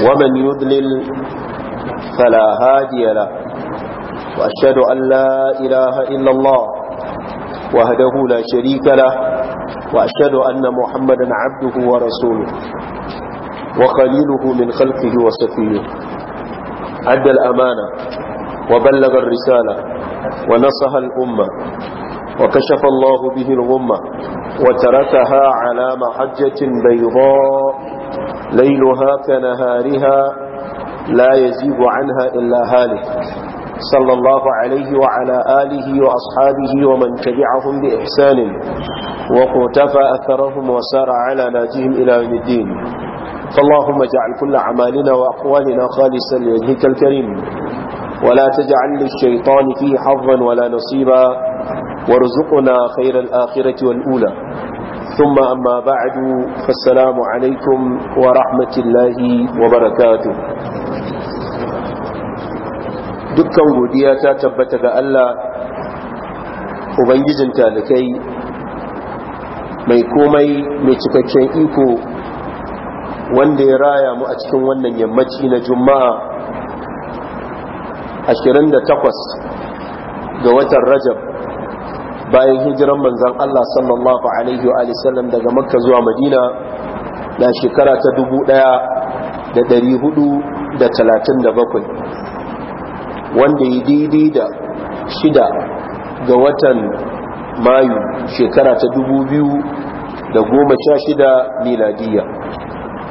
ومن يذلل فلا هادي له وأشهد أن لا إله إلا الله وهده لا شريك له وأشهد أن محمدا عبده ورسوله وخليله من خلقه وسفيه أدى الأمانة وبلغ الرسالة ونصح الأمة وكشف الله به الغمة وتركها على محجة بيضاء ليلها كنهارها لا يزيد عنها إلا هالك صلى الله عليه وعلى آله وأصحابه ومن تبعهم بإحسان وقتفى أثرهم وسار على ناجهم إلى يوم الدين فاللهم اجعل كل عمالنا وأقوالنا خالصا لوجهك الكريم ولا تجعل للشيطان فيه حظا ولا نصيبا وارزقنا خير الآخرة والأولى ثم أما بعد فالسلام عليكم ورحمة الله وبركاته dukkan godiya ta tabbata ga Allah Ubangijin talikai mai komai mai cikakken iko wanda ya raya mu a cikin wannan yammaci na juma'a takwas ga watan rajab bayan hijiran manzan Allah sallallahu alaihi wa sallam daga makka zuwa madina na shekara ta bakwai. wanda yi daidai da shida ga watan mayu shekara ta 2016 miladiyya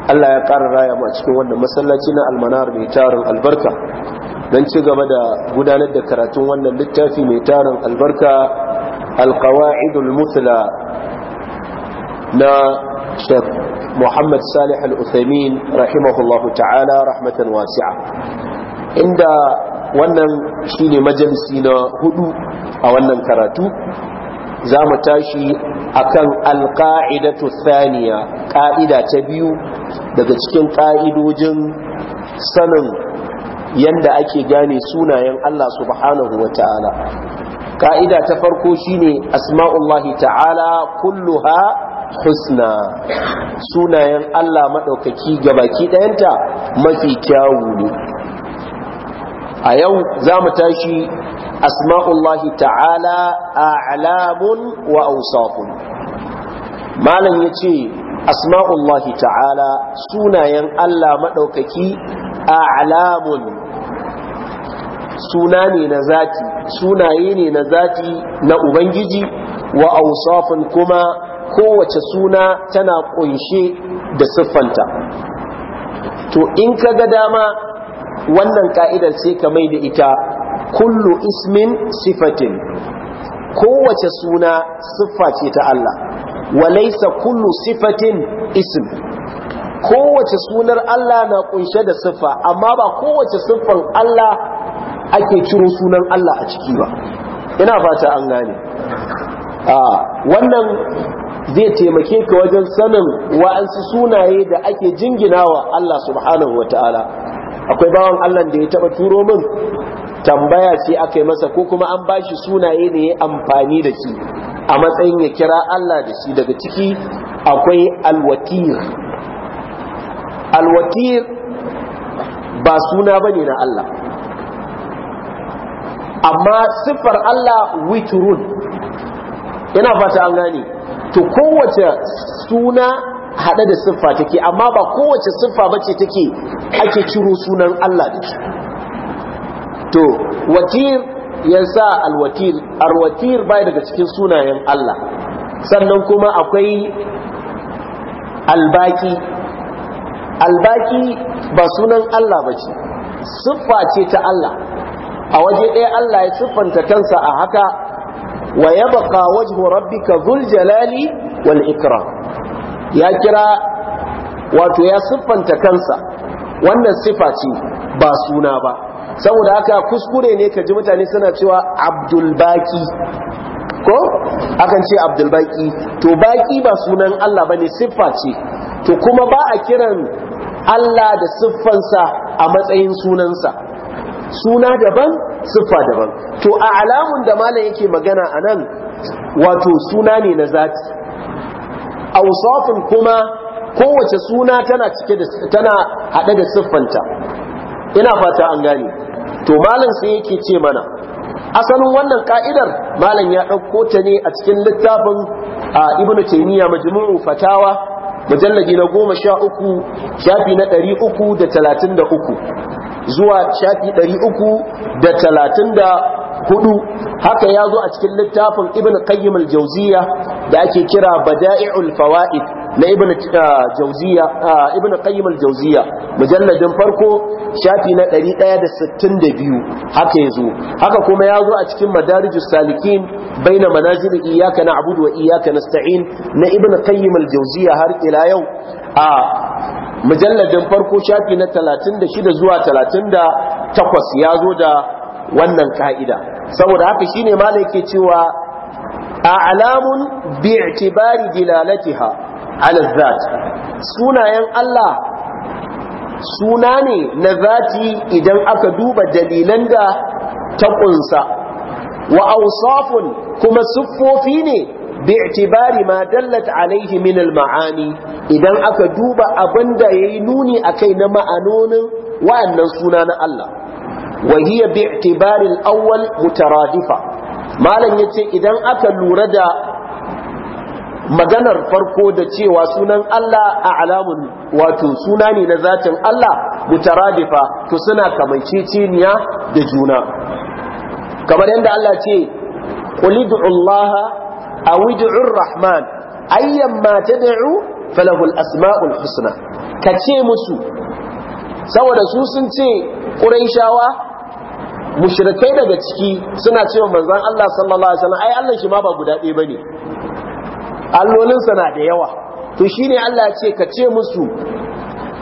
Allah ya ƙara raya ma cikin wannan masallaci na almanar mai tarin albarka don ci gaba da gudanar da karatun wannan littafi mai tarin albarka alkawa'idul mutla na shek muhammad salih al-uthaymin rahimahullahu ta'ala rahmatan wasi'a inda wannan shine majalisi na hudu a wannan karatu za mu tashi akan alka'idatu Saniya ka'ida ta biyu daga cikin ka'idojin sanin yanda ake gane sunayen Allah subhanahu wa ta'ala ka'ida ta farko shine asma'ullahi ta'ala kulluha husna sunayen Allah maɗaukaki gabaki ɗayanta mafi kyawu ne a yau za mu tashi asma'ullahi ta'ala a'lamun wa ausafun malam ya ce asma'ullahi ta'ala sunayen Allah maɗaukaki a'lamun suna ne na zati sunaye ne na zati na ubangiji wa ausafin kuma kowace suna tana kunshe da siffanta to in ka ga dama wannan ka'idar sai ka mai da ita kullu ismin sifatin kowace suna siffa ce ta Allah walaisa kullu sifatin ism kowace sunar Allah na kunshe da siffa amma ba kowace siffan Allah ake ciro sunan Allah a ciki ba ina fata an gane a wannan zai taimake ka wajen sanin wa'ansu sunaye da ake jinginawa Allah subhanahu wata'ala akwai bawan Allah da ya taba turo min tambaya ce aka yi masa ko kuma an ba shi sunaye da ya amfani da shi a matsayin ya kira Allah da shi daga ciki akwai alwatir alwatir ba suna bane na Allah amma siffar Allah witrun yana fata an gani, to kowace suna hada da siffa take amma ba kowace siffa bace take ake ciro sunan Allah da shi to watir yansa alwatir arwatir bai daga cikin sunayen Allah sannan kuma akwai albaki albaki ba sunan Allah bace siffa ce ta Allah a waje ɗaya Allah ya siffanta kansa a haka wa yabqa rabbi rabbika zul jalali wal ikram ya kira wato ya siffanta kansa wannan sifa ce ba suna ba saboda haka kuskure ne ka ji mutane suna cewa abdul ko akan ce abdul to baki ba sunan Allah bane siffa ce to kuma ba a kiran Allah da siffansa a matsayin sunansa suna daban siffa daban to a alamun da malam yake magana a nan wato suna ne na zati ausafin kuma kowace suna tana cike da tana haɗe da siffanta ina fata an gane to malam sai yake ce mana asalin wannan ka'idar malam ya ɗauko ta ne a cikin littafin ibnu taymiya majmu'u fatawa mujallaji na goma sha uku shafi na ɗari uku da talatin da uku zuwa shafi 334 haka ya zo a cikin littafin ibn qayyim al-jawziya da ake kira bada'i'ul fawaid na ibn uh, jawziya uh, ibn qayyim al-jawziya mujalladin farko shafi na 162 haka yazo haka kuma ya zo a cikin madarijus salikin baina manazil iyyaka na'budu wa iyyaka nasta'in na ibn qayyim al-jawziya har ila yau a mujalladin farko shafi na 36 zuwa 38 ya zo da wannan ka'ida saboda haka shine malai yake cewa a'lamun bi'tibari dilalatiha ala zat sunayen Allah suna ne na zati idan aka duba dalilan da ta kunsa wa kuma siffofi ne bi'tibari ma dallat alaihi min al-ma'ani idan aka duba abinda yayi nuni a kai na ma'anonin wa'annan suna na Allah wa hiya bi'tibari al-awwal mutaradifa malam yace idan aka lura da maganar farko da cewa sunan Allah a alamun wato suna ne na zatin Allah mutaradifa to suna kamanceceniya da juna kamar yadda Allah ce qul Allah a wudu'ur rahman ayyan ma ta da'u falahul asma'ul husna ka ce musu saboda su sun ce shawa, mushrikai daga ciki suna cewa manzon Allah sallallahu alaihi wasallam ai Allah shi ma ba guda ɗaya bane allolinsa na da yawa to shine Allah ya ce ka ce musu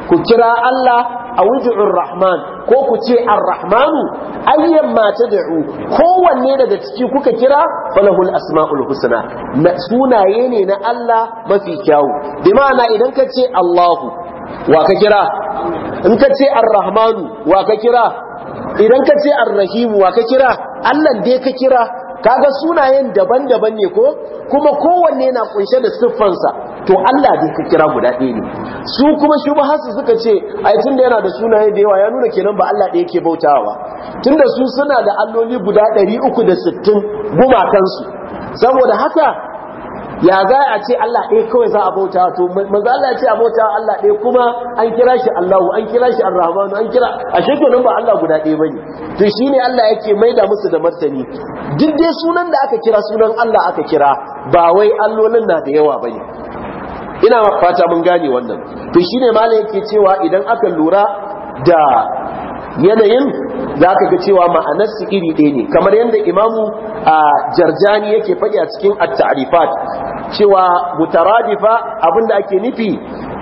ku kira Allah a wuju'ur rahman ko ku ce ar-rahmanu ayyan ma tad'u kowanne daga ciki kuka kira falahul asma'ul husna sunaye ne na Allah mafi kyawu bi ma'ana idan ka ce Allahu wa ka kira in ka ce ar-rahmanu wa ka kira idan ka ce ar-rahimu wa ka kira Allah dai ka kira kaga sunayen daban-daban ne ko kuma kowanne na kunshe da siffansa to Allah dai ka kira guda ɗaya ne su kuma shubhasu suka ce ai tunda yana da sunaye da yawa ya nuna kenan ba Allah ɗaya yake bautawa ba tunda su suna da alloli guda 360 gumakan su saboda haka ya za a ce Allah ɗaya kawai za a bauta to maza Allah ya ce a bauta Allah ɗaya kuma an kira shi Allahu an kira shi Ar-Rahmanu an kira a nan ba Allah guda ɗaya bane to shine Allah yake da musu da martani duk dai sunan da aka kira sunan Allah aka kira ba wai allolin na da yawa bane ina fata mun gane wannan to shine malai yake cewa idan aka lura da yanayin za ka ga cewa su iri ɗaya ne kamar yadda imamu a jarjani yake faɗi a cikin at-ta'rifat cewa mutaradifa abinda ake nufi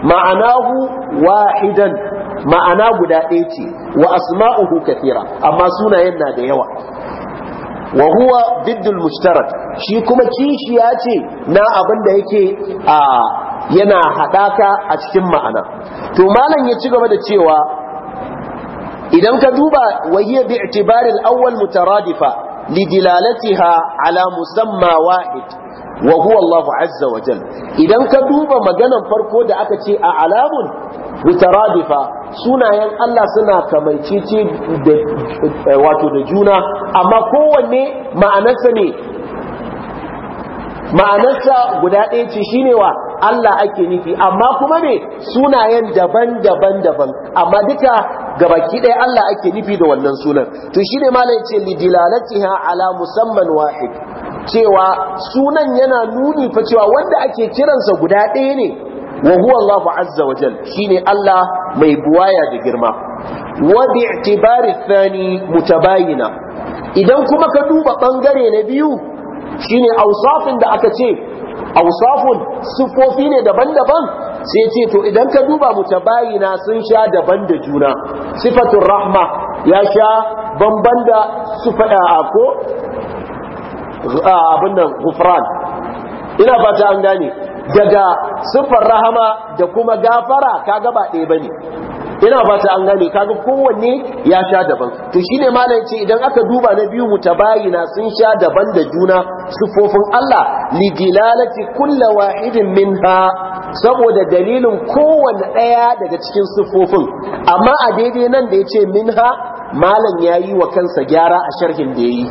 ma'anahu wahidan ma'ana guda ɗaya ce wa asma'uhu kathira amma sunayen na da yawa wa huwa biddul shi kuma kishiya ce na abinda yake a yana haɗaka a cikin ma'ana to malam ya ci gaba da cewa idan ka duba wahiyya bi i'tibaril awwal mutaradifa لدلالتها على مسمى واحد وهو الله عز وجل idan ka duba maganan farko da aka ce a alamun mutaradifa sunayen Allah suna kamaicece da eh, wato da juna amma kowanne ma'anarsa ne ma'anarsa guda ɗaya ce shine wa Allah ake nufi amma kuma ne sunayen daban-daban daban amma duka gabaki ɗaya Allah ake nufi da wannan sunan to shi shine malai yace lidilalatiha ala musamman wahid cewa sunan yana nuni fa cewa wanda ake kiransa guda ɗaya ne wa huwa Allahu azza wa jal shine Allah mai buwaya da girma wa bi i'tibari thani mutabayina idan kuma ka duba bangare na biyu shine ausafin da aka ce ausafun sifofi ne daban-daban sai ce to idan ka duba mutabayina sun sha daban da juna sifatul rahma ya sha bamban da a ko abin nan gufran ina fata an gane daga sifar rahama da kuma gafara ka gaba ɗaya bane ina fata an gane kaga kowanne ya sha daban to shine malam ce idan aka duba na biyu mutabayina sun sha daban da juna sufofin Allah li dilalati kulli wahidin minha saboda dalilin kowane ɗaya daga cikin siffofin amma a daidai nan da ya ce minha malam ya yi wa kansa gyara a sharhin da ya yi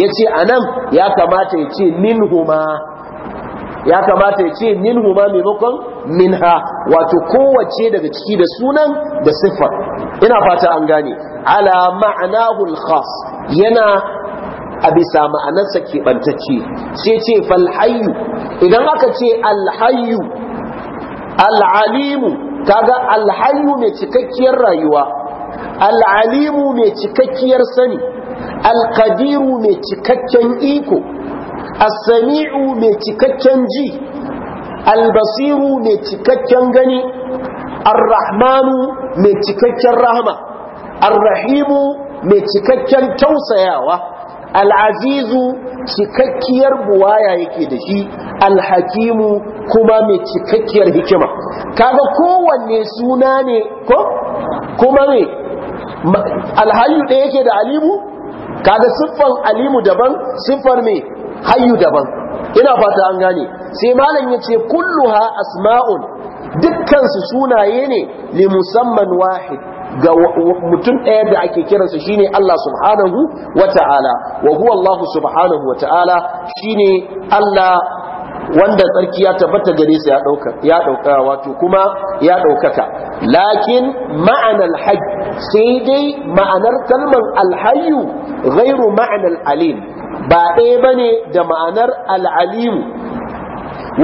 ya ce a nan ya kamata ya ce minhuma ya kamata ya ce minhuma maimakon minha wato kowace daga ciki da sunan da siffar ina fata an gane ala ma'anahul khas yana a bisa ma'anarsa keɓantacce sai ce falhayu idan aka ce alhayu al'alimu kaga alhayu mai cikakkiyar rayuwa al'alimu mai cikakkiyar sani alkadiru mai cikakken iko asami'u mai cikakken ji albasiru mai cikakken gani arrahmanu mai cikakken rahama arrahimu mai cikakken tausayawa al'azizu cikakkiyar buwaya yake da shi alhakimu kuma mai cikakkiyar hikima kaga kowanne suna ne ko kuma ne alhayu ɗaya yake da alimu kaga siffan alimu daban siffar mai hayu daban ina fata an gane sai malam ya ce kulluha asma'un dukkansu sunaye ne li musamman wahid ga mutum ɗaya da ake kiransa shine Allah subhanahu wa ta'ala wa huwa Allah subhanahu wa ta'ala shine Allah wanda tsarki ya tabbata gare sa ya ɗauka wato kuma ya ɗaukaka lakin ma'anar hajj sai dai ma'anar kalmar alhayyu gairu ma'anar alim ba ɗaya bane da ma'anar al'alimu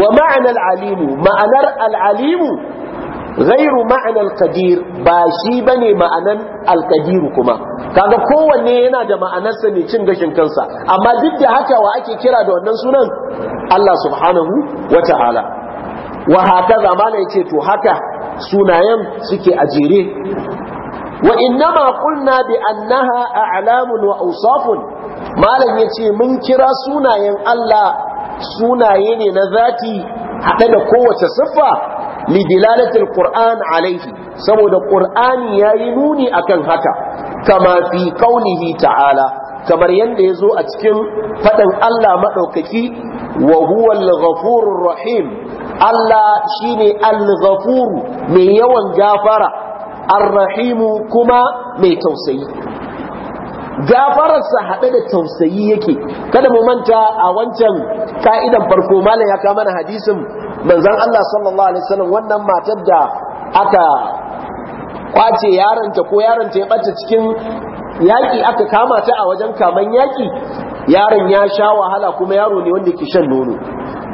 wa ma'anar alimu ma'anar al'alimu غير معنى القدير باشي ba shi bane كما al كو kuma kaga kowanne yana da ma'anarsa ne cin gashin kansa amma duk da haka wa ake kira da wannan sunan Allah subhanahu wa ta'ala wa haka ce to haka sunayen suke ajire wa innama qulna bi annaha a'lamun wa awsafun malam yace mun kira sunayen Allah sunaye ne na zati haɗe da kowace siffa lidilalatul qur'an alaihi saboda qur'ani yayi nuni akan haka kama fi qaulihi ta'ala kamar yadda ya zo a cikin faɗan Allah maɗaukaki wa al-ghafurur rahim Allah shine al-ghafur mai yawan gafara ar-rahimu kuma mai tausayi gafararsa haɗe da tausayi yake kada mu manta a wancan ka'idan farko malam ya kama na hadisin manzan Allah sallallahu alaihi wasallam wannan matar da aka kwace yaranta ko yaranta ya bace cikin yaƙi aka kama ta a wajen kaman yaƙi yaron ya sha wahala kuma yaro ne wanda ke shan nono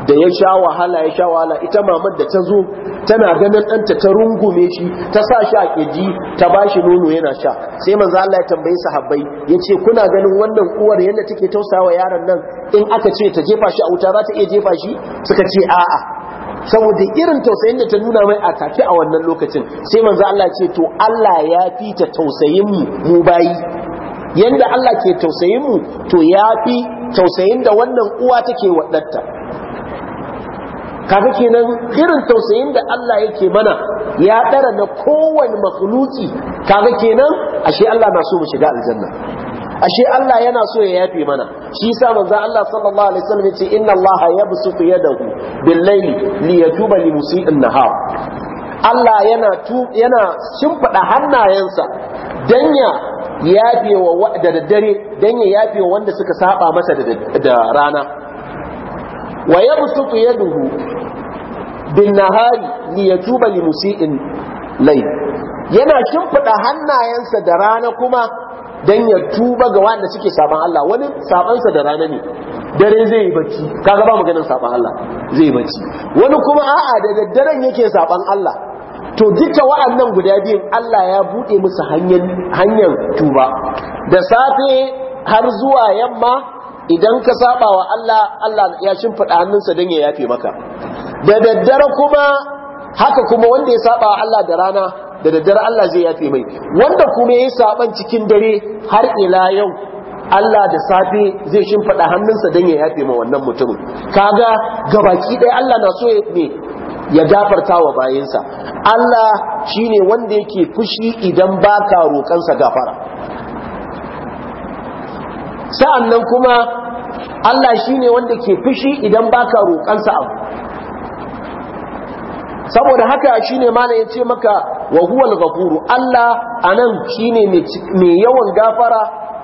da ya sha wahala ya sha wahala ita mamar da ta zo tana ganin ɗanta ta rungume shi ta sa shi a ƙirji ta ba shi nono yana sha sai manzo Allah ya tambayi sahabbai ya ce kuna ganin wannan uwar yadda take tausawa yaron nan in aka ce ta jefa shi a wuta za ta iya jefa shi suka ce a'a saboda irin tausayin da ta nuna mai a take a wannan lokacin sai manzo Allah ce to Allah ya fi ta tausayin mu mu bayi yanda Allah ke tausayin mu to ya fi tausayin da wannan uwa take wadatta kaga kenan irin tausayin da Allah yake mana ya dara na kowane makhluki kaga kenan ashe Allah na so mu shiga aljanna ashe Allah yana so ya yafe mana shi yasa manzo Allah sallallahu alaihi wasallam yace inna Allah yabsutu yadahu bil layli li yatuba li musii'in nahar Allah yana tu yana shimfida hannayensa dan ya yafe wa da daddare dan ya yafe wa wanda suka saba masa da rana wa yabsutu yadahu bil nahari li yatuba li musii'in layli yana shimfida hannayensa da rana kuma dan ya tuba ga wanda suke saban Allah wani sa da rana ne dare zai yi bacci kaga ba maganin saban Allah zai yi bacci wani kuma a'a da daddaren yake saban Allah to duka wa'annan guda biyun Allah ya bude musu hanyar hanyar tuba da safe har zuwa yamma idan ka saba wa Allah Allah ya shimfida hannunsa dan ya yafe maka da daddare kuma haka kuma wanda ya saba wa Allah da rana da daddare Allah zai yafe mai wanda kuma yayi saban cikin dare har ila yau Allah da safe zai shimfida hannunsa dan ya yafe ma wannan mutumin kaga gabaki ɗaya Allah na so ne ya gafarta wa bayinsa Allah shine wanda yake fushi idan baka roƙansa gafara sa'annan kuma Allah shine wanda ke fushi idan baka roƙansa abu saboda haka shine malam ya ce maka wa huwal ghafuru Allah anan shine mai yawan gafara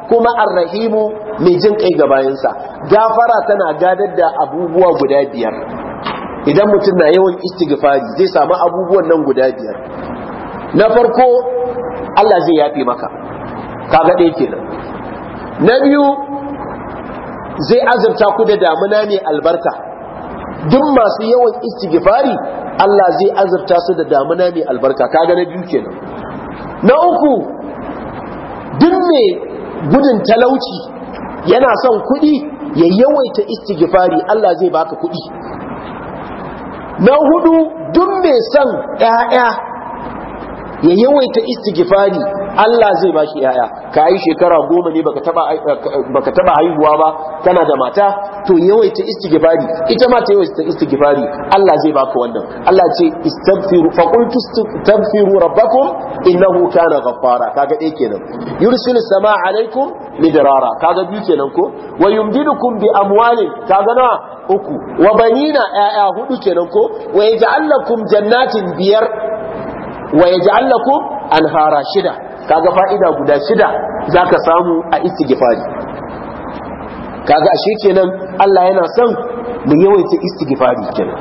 kuma arrahimu mai jin kai ga bayansa gafara tana gadar da abubuwa guda biyar idan mutum na yawan istighfari zai samu abubuwan nan guda biyar na farko Allah zai yafe maka kaga ɗaya kenan na biyu zai azurta ku da damuna ne albarka duk masu yawan istighfari Allah zai azurta su da damuna mai albarka kaga na biyu kenan na uku duk mai gudun talauci yana son kuɗi ya yawaita istighfari Allah zai baka kuɗi na hudu duk mai son ƴaƴa ya yawaita istighfari Allah zai shi 'ya'ya. ka yi shekara goma ne baka taɓa baka taba haihuwa ba kana da mata to yawaita istighfari ita ma ta yawaita istighfari Allah zai baka wannan Allah ce istaghfiru fa qultu istaghfiru rabbakum innahu kana ghaffara kaga dai kenan yursilu samaa alaikum midrara kaga biyu kenan ko wa yumdidukum bi amwalin kaga na uku wa banina ya'ya hudu kenan ko wa yaj'al lakum jannatin biyar wa yaj'al lakum anhara shida kaga fa'ida guda shida zaka samu a istighfari kaga ashe kenan Allah yana son mu yawaita istighfari kenan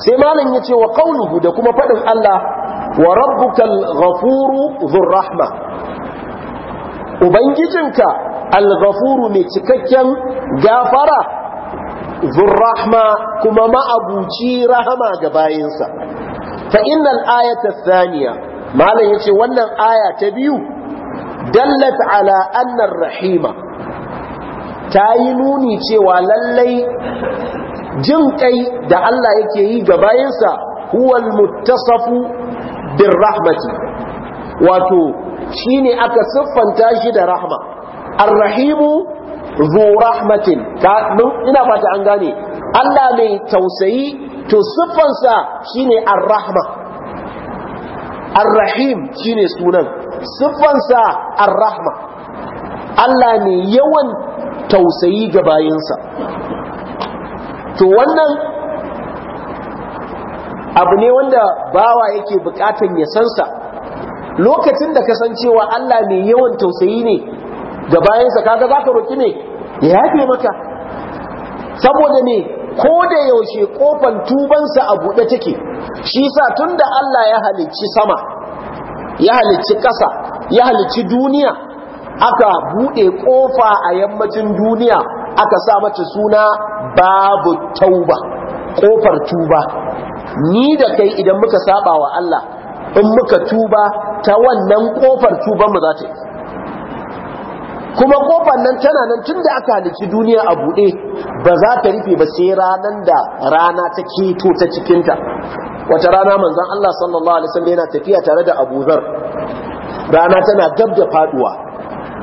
sai malam yace wa qawluhu da kuma fadin Allah wa rabbukal ghafuru dhur rahma ubangijinka al-ghafuru mai cikakken gafara dhur rahma kuma ma'abuci rahama ga bayinsa fa innal ayata thaniya malam yace wannan aya ta biyu dallat ala anna ar-rahima ta yi nuni cewa lallai jin kai da Allah yake yi ga bayansa huwal muttasafu bir rahmati wato shine aka siffanta shi da rahma arrahimu zu rahmatin ina fata an gane Allah mai tausayi to siffansa shine ar-rahma rahim shine sunan siffansa arrahma rahma Allah ne yawan tausayi ga bayinsa to wannan abu ne wanda bawa yake bukatan ya sansa lokacin da ka san cewa Allah mai yawan tausayi ne ga bayansa kaga zaka roki ne ya yafe maka saboda ne ko da yaushe kofan tubansa a buɗe take shi sa tunda Allah ya halicci sama ya halicci ƙasa ya halicci duniya aka buɗe ƙofa a yammacin duniya aka sa mata suna babu tauba ƙofar tuba ni da kai idan muka saba wa Allah in muka tuba ta wannan ƙofar mu za ta yi kuma ƙofar nan tana nan tun da aka halici duniya a buɗe ba za ta rufe ba sai ranar da rana ta keto ta cikinta wata rana manzon Allah sallallahu alaihi wasallam yana tafiya tare da abuzar. rana tana gab da faduwa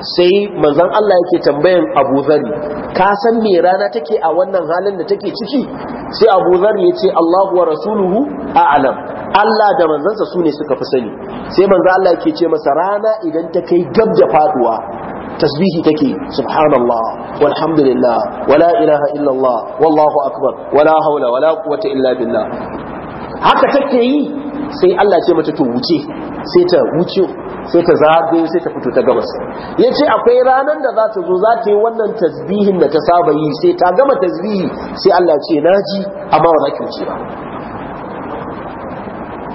sai manzan Allah yake tambayan Abu Zari ka san me rana take a wannan halin da take ciki sai Abu Zari ya ce Allahu wa rasuluhu a'lam Allah da manzansa su ne suka fi sani sai manzan Allah yake ce masa rana idan ta kai gab da faduwa tasbihi take subhanallah walhamdulillah wala ilaha illallah wallahu akbar wala hawla wala quwwata illa billah haka take yi sai Allah ce mata to wuce sai ta wuce sai ta zagayo sai ta fito ta gabas ya ce akwai ranar da za ta zo za ta yi wannan tasbihin da ta saba yi sai ta gama tasbihi sai Allah ce na ji amma ba za ki wuce ba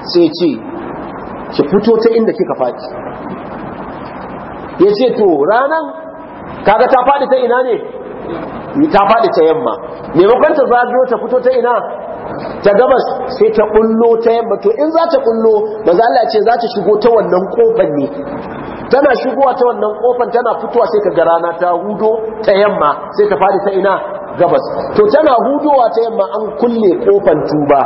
sai ce ki fito ta inda kika faɗi ya ce to ranar kaga ta faɗi ta ina ne ta faɗi ta yamma maimakon ta zagayo ta fito ta ina ta gabas sai ta kullo ta yamma to in za ta kullo manzo Allah ce za ta shigo ta wannan kofar ne tana shigowa ta wannan kofar tana fitowa sai ka ga rana ta hudo ta yamma sai ta fadi ta ina gabas to tana hudowa ta yamma an kulle kofar tuba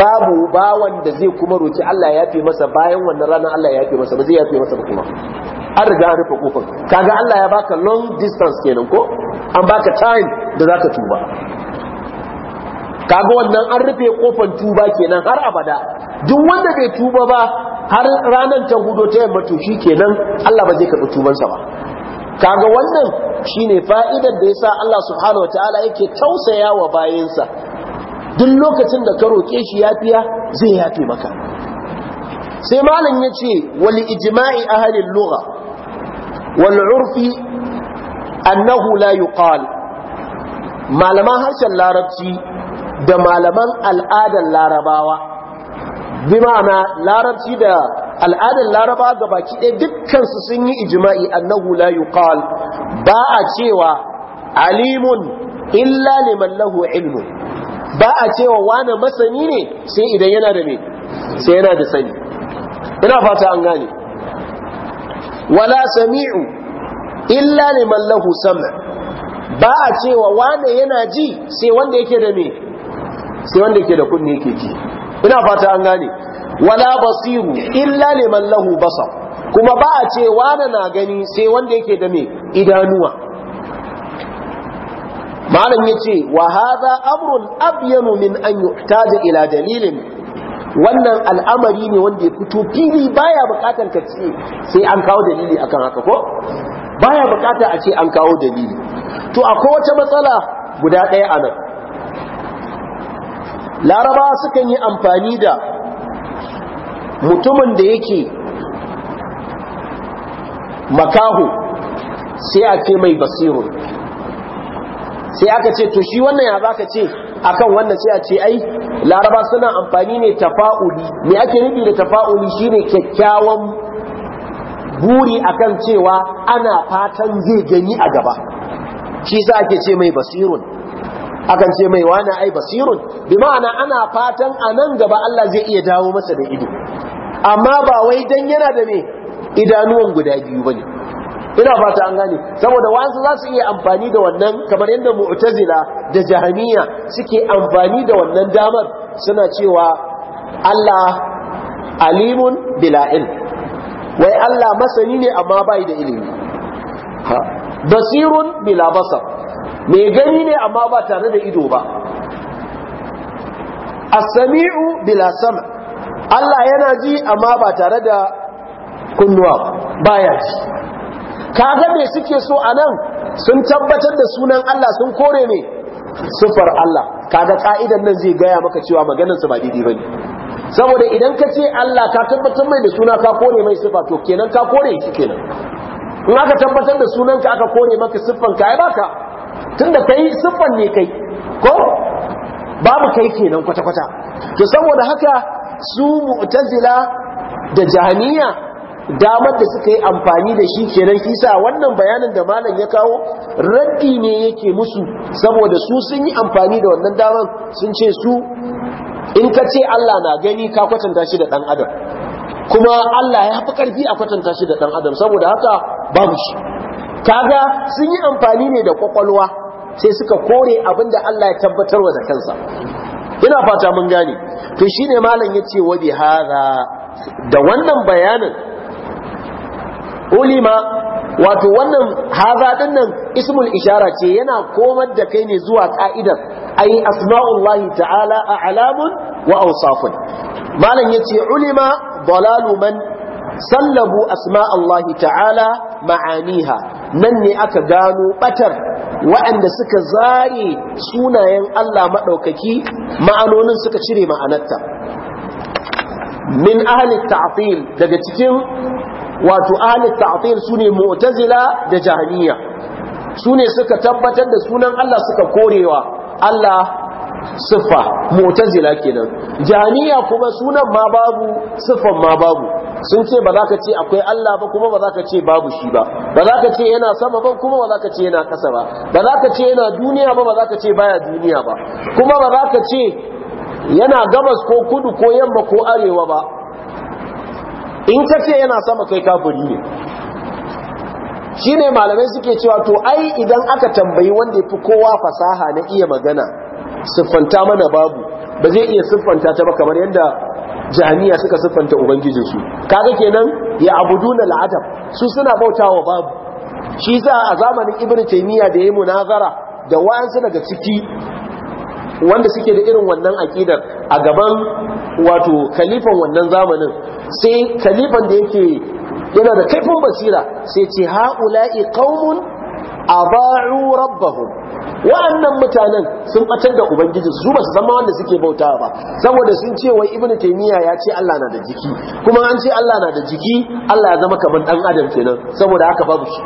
babu ba wanda zai kuma roki Allah ya fi masa bayan wannan ranar Allah ya fi masa ba zai ya fi masa ba kuma an riga rufe kofar kaga Allah ya baka long distance kenan ko an baka time da zaka tuba kaga wannan an rufe kofan tuba kenan har abada duk wanda bai tuba ba har ranar ta hudo ta yamma to kenan Allah ba zai karɓi tubansa ba kaga wannan shine fa'idar da yasa Allah subhanahu wataala yake tausaya wa bayinsa duk lokacin da ka roke shi yafiya zai yafe maka sai malam yace wali ijma'i ahli lugha wal urfi annahu la yuqal malaman harshen larabci da malaman al'adar larabawa bi ma'ana larabci da al'adar larabawa ga baki ɗaya dukkansu sun yi ijima'i annahu la yuqal ba a cewa alimun illa liman lahu ilmu ba a cewa wani masani ne sai idan yana da me sai yana da sani ina fata an gane wala sami'u illa liman lahu sam' ba a cewa wani yana ji sai wanda yake da me sai wanda ke da kunne yake ji ina fata an gane wala basiru illa liman lahu basar kuma ba a ce wani na gani sai wanda yake da me idanuwa malam yace wa hadha amrun abyanu min an yuhtaja ila dalilin wannan al'amari ne wanda ya fito fili baya bukatar ka ce sai an kawo dalili akan haka ko baya bukata a ce an kawo dalili to akwai wata matsala guda ɗaya a nan laraba sukan yi amfani da mutumin da yake makaho sai a ce mai basirun sai aka ce to shi wannan ya ka ce akan wannan sai a ce ai laraba suna amfani ne tafa'uli me ake nufi da tafa'uli shine kyakkyawan buri akan cewa ana fatan zai gani a gaba shi sa ake ce mai basirun akan ce mai wani ai basirun bi ma'ana ana fatan a nan gaba Allah zai iya dawo masa da ido amma ba wai dan yana da me idanuwan guda biyu bane ina fata an gane saboda wasu za su iya amfani da wannan kamar yadda mu'tazila da jahamiya suke amfani da wannan damar suna cewa Allah alimun bila wai Allah masani ne amma bai da ilimi basirun bila basar mai gani ne amma ba tare da ido ba A samiu bila Allah yana ji amma ba tare da kunnuwa ba ya ji kaga me suke so anan sun tabbatar da sunan Allah sun kore ne sufar Allah kaga ka'idan nan zai gaya maka cewa maganar su ba daidai bane saboda idan ka ce Allah ka tabbatar mai da suna ka kore mai sifa to kenan ka kore shi kenan in aka tabbatar da sunan ka aka kore maka siffan ka ai baka tunda kai siffan ne kai ko babu kai kenan kwata-kwata to saboda haka su mu'tazila da jahaniya damar da suka yi amfani da shi kenan kisa wannan bayanin da malam ya kawo raddi ne yake musu saboda su sun yi amfani da wannan damar sun ce su in ka ce Allah na gani ka kwatanta shi da dan adam kuma Allah ya fi karfi a kwatanta shi da dan adam saboda haka babu shi kaga sun yi amfani ne da kwakwalwa sai suka kore abin da Allah ya tabbatarwa da kansa ina fata mun gane to shine malam yace wa bi hadha da wannan bayanin ulima wato wannan hadha din nan ismul ishara ce yana komar da kai ne zuwa ka'idar ai asma'ullahi ta'ala a'lamun wa awsafun malam yace ulima dalalu man sallabu asma'allahi ta'ala ma'aniha nan ne aka gano batar waɗanda suka zare sunayen Allah maɗaukaki ma'anonin suka cire ma'anarta min ahli ta'til daga cikin wato ahli su ne mu'tazila da Su ne suka tabbatar da sunan Allah suka korewa Allah siffa mu'tazila kenan jahaniya kuma sunan ma babu siffan ma babu sun ce ba za ka ce akwai Allah ba kuma ba za ka ce babu shi ba ba za ka ce yana sama ba kuma ba za ka ce yana ƙasa ba ba za ka ce yana duniya ba ba za ka ce baya duniya ba kuma ba za ka ce yana gabas ko kudu ko yamma ko arewa ba in ka ce yana sama kai kafiri ne Shi ne malamai suke cewa to ai idan aka tambayi wanda ya fi kowa fasaha na iya magana siffanta mana babu ba zai iya siffanta ta ba kamar yadda jami'a suka siffanta ubangijinsu kaga kenan ya abuduna al'adab su suna bautawa babu shi yasa a zamanin ibnu taymiya da ya yi munazara da wa'ansu daga ciki wanda suke da irin wannan aqidar a gaban wato kalifan wannan zamanin sai kalifan da yake yana da kaifin basira sai ce ha'ula'i qaumun aba'u rabbahum wa'annan mutanen sun batar da ubangiji su ba su zama wanda suke bauta ba saboda sun ce wai ibnu taymiya ya ce Allah na da jiki kuma an ce Allah na da jiki Allah ya zama kamar dan adam kenan saboda haka babu shi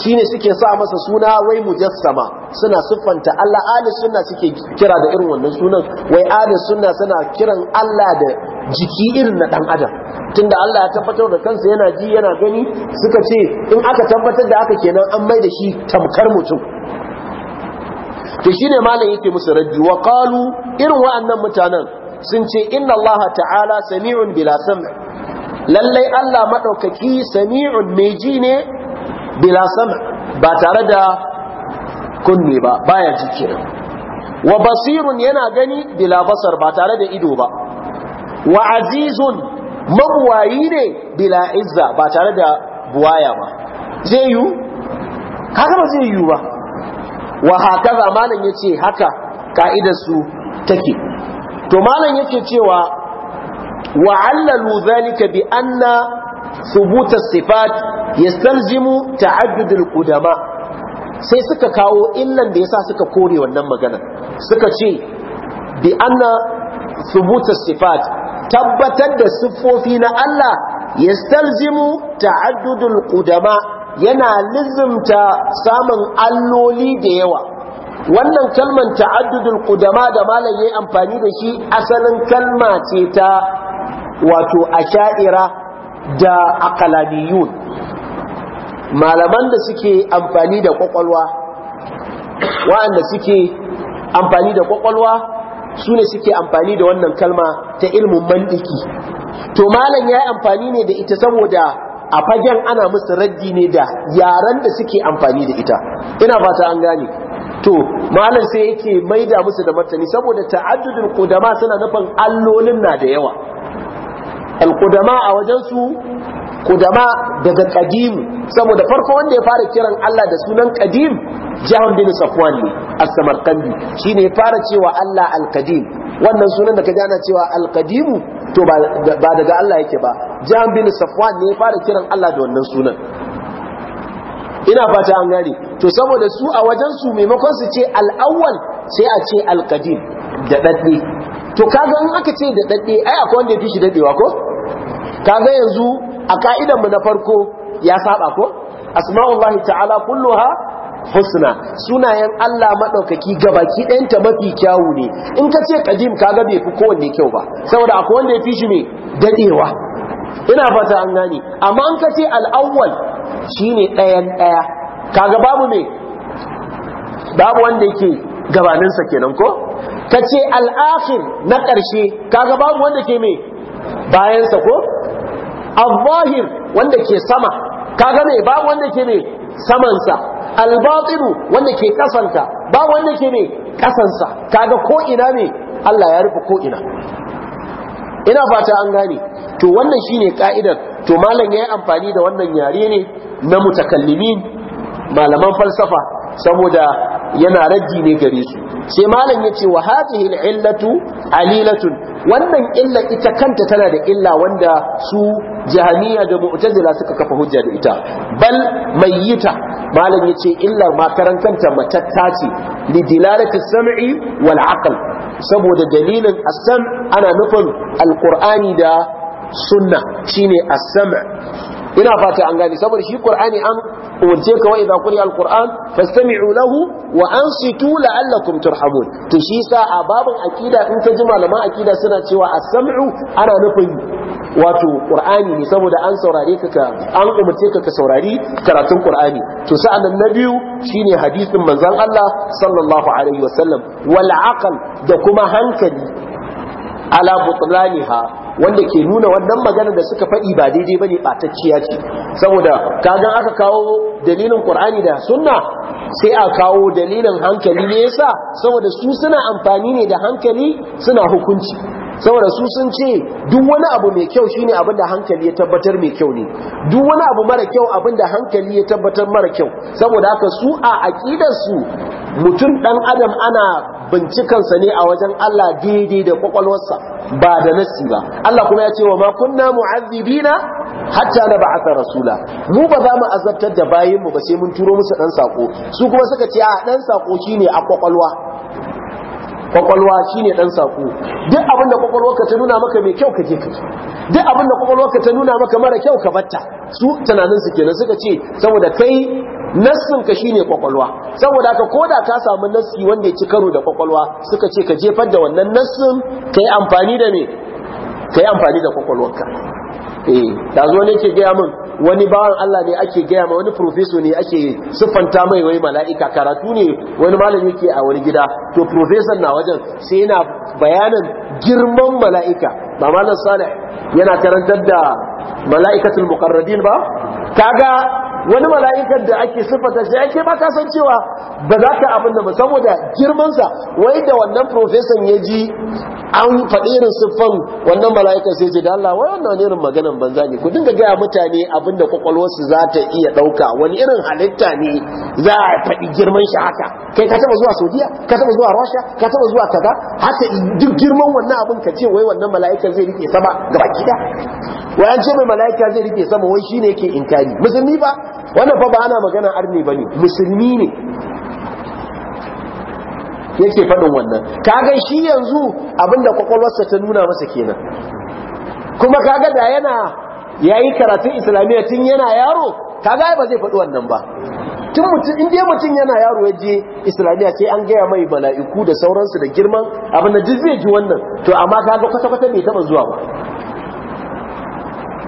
Shi ne suke sa masa suna wai mujassama suna siffanta Allah ahli sunna suke kira da irin wannan sunan wai ahli sunna suna kiran Allah da jiki irin na dan adam tunda Allah ya tabbatar da kansa yana ji yana gani suka ce in aka tabbatar da aka kenan an mai da shi tamkar mutum to shine malam yake musu raddi wa qalu irin wa'annan mutanen sun ce inna Allah ta'ala sami'un bila lallai Allah madaukaki sami'un mai ji ne bila sam ba tare da kunne ba baya ji kenan wa basirun yana gani bila basar ba tare da ido ba wa azizun mabuwayi ne bila izza ba tare da buwaya ba zai yiwu haka ba zai yiwu ba wa hakaza malam yace haka ka'idar su take to malam yake cewa wa allalu zalika bi anna ثبوت sifat? yastalzimu ta'addudul qudama sai suka kawo illan da yasa suka kore wannan magana suka ce bi anna as sifat tabbatar da siffofi na Allah yastalzimu ta'addudul qudama yana lizimta samun alloli da yawa wannan kalman ta'addudul qudama da malam yi amfani da shi asalin kalma ce ta wato asha'ira da aqlaniyun malaman da suke amfani da kwakwalwa wa'anda suke amfani da kwakwalwa su ne suke amfani da wannan kalma ta ilmin mandiki to malam ya yi amfani ne da ita saboda a fagen ana musu raddi ne da yaran da suke amfani da ita ina fata an gane to malam sai yake maida musu da martani saboda ta'addudul qudama suna nufin allolin na da yawa al a wajen su kudama daga kadimu saboda farko wanda ya fara kiran Allah da sunan kadim jahon bin safwan ne as-samarqandi shine ya fara cewa Allah al-kadim wannan sunan da ka ana cewa al-kadimu to ba daga Allah yake ba jihar bin safwan ne ya fara kiran Allah da wannan sunan ina fata an gane to saboda su a wajen su maimakon su ce al-awwal sai a ce al-kadim da dadde to kaga in aka ce da dadde ai akwai wanda ya fi shi dadewa ko kaga yanzu a ka'idanmu na farko ya saba ko asma'ullahi ta'ala ha? husna sunayen Allah madaukaki gabaki ɗayanta mafi kyawu ne in ka ce qadim kaga bai fi kowanne kyau ba saboda akwai wanda ya fi shi mai dadewa ina fata an gane amma in ka ce al shi shine ɗayan ɗaya kaga babu me babu wanda yake gabaninsa kenan ko ka ce al na ƙarshe kaga babu wanda ke mai bayansa ko al-zahir wanda ke sama kaga ne ba wanda ke ne samansa al-batinu wanda ke kasanta ba wanda ke ne kasansa kaga ko ina ne Allah ya rufe ko ina ina fata an gane to wannan shine ka'idar to malam yayi amfani da wannan yare ne na mutakallimin malaman falsafa saboda yana raddi ne gare su sai malam yace wa hadhihi al-illatu alilatun wannan illa ita kanta tana da illa wanda su jahaniya da mu'tazila suka kafa hujja da ita bal mayyita malam yace illa ma karan ta matatta ce li dilalati sam'i wal aql saboda dalilin as-sam ana nufin al-qur'ani da sunna shine as-sam' ina fata an gani saboda shi qur'ani an umarce ka wa kuri quriya alquran fastami'u lahu wa ansitu la'allakum turhamun to shi yasa a babin akida in ka ji malaman akida suna cewa as-sam'u ana nufin wato qur'ani ne saboda an saurare ka ka an umarce ka ka saurari karatun qur'ani to sa'an na biyu shine hadisin manzon Allah sallallahu alaihi wasallam wal aql da kuma hankali ala butlaniha wanda ke nuna wannan magana da suka faɗi ba daidai bane batacciya ce saboda kaga aka kawo dalilin Qur'ani da sunna sai a kawo dalilin hankali ne yasa saboda su suna amfani ne da hankali suna hukunci saboda su sun ce duk wani abu mai kyau shine abin da hankali ya tabbatar mai kyau ne duk wani abu mara kyau abin da hankali ya tabbatar mara kyau saboda haka su a aqidar su mutum dan adam ana bincikansa ne a wajen Allah daidai da kwakwalwarsa ba da nasi ba Allah kuma ya ce wa ma kunna na hatta na ba'atha rasula mu ba za mu azabtar da bayin ba sai mun turo musu dan sako su kuma suka ce a dan sako shine a kwakwalwa kwakwalwa shine dan sako duk abin da kwakwalwarka ta nuna maka mai kyau ka je ka duk abin da kwakwalwarka ta nuna maka mara kyau ka batta su tunanin su kenan suka ce saboda kai nassin ka shine kwakwalwa saboda haka koda ka samu nassi wanda ya ci karo da kwakwalwa suka ce ka jefar da wannan nassin kai amfani da me kai amfani da kwakwalwarka eh gaya min wani bawan Allah ne ake gaya ma wani profeso ne ake siffanta mai wai mala'ika karatu ne wani malami yake a wani gida to profeson na wajen sai yana bayanin girman mala'ika ba malam salih yana karantar da mala'ikatul muqarrabin ba kaga wani mala'ikar da ake siffata shi ake ba san cewa ba za ka abin da ba saboda girmansa wai da wannan profesan ya ji an faɗi irin siffan wannan mala'ikar sai ce da Allah wai wannan wani irin maganan banza ne ku dinga gaya mutane abin da kwakwalwarsu za ta iya ɗauka wani irin halitta ne za a faɗi girman shi haka kai ka taɓa zuwa saudiya ka taɓa zuwa rasha ka taɓa zuwa kaza haka duk girman wannan abin ka ce wai wannan mala'ikar zai rike sama gaba kida wayan ce mai mala'ikar zai rike sama wai shine yake inkari musulmi ba wannan fa ba ana magana arni bane musulmi ne yake faɗin wannan kaga shi yanzu abinda kwakwalwarsa ta nuna masa kenan kuma kaga da yana yayi karatun islamiyya tun yana yaro kaga ba zai faɗi wannan ba tun mutum in dai mutum yana yaro ya je islamiyya sai an gaya mai mala'iku da sauransu da girman abinda duk zai ji wannan to amma kaga kwata-kwata bai taɓa zuwa ba